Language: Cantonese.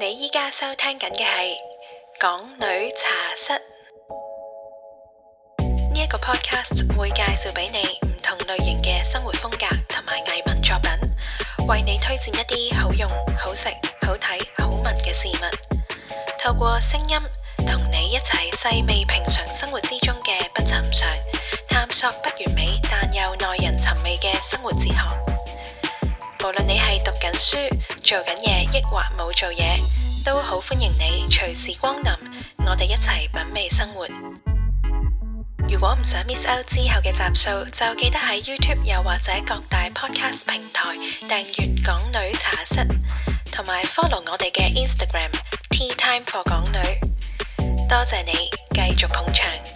你而家收聽緊嘅係《港女茶室》，呢一個 podcast 會介紹俾你唔同類型嘅生活風格同埋藝文作品，為你推薦一啲好用、好食、好睇、好聞嘅事物，透過聲音同你一齊細味平常生活之中嘅不尋常，探索不完美但又耐人尋味嘅生活哲學。緊書，做緊嘢，抑或冇做嘢，都好歡迎你隨時光臨，我哋一齊品味生活。如果唔想 miss out 之後嘅集數，就記得喺 YouTube 又或者各大 podcast 平台訂閱《港女茶室》，同埋 follow 我哋嘅 Instagram Tea Time for 港女。多謝你，繼續捧場。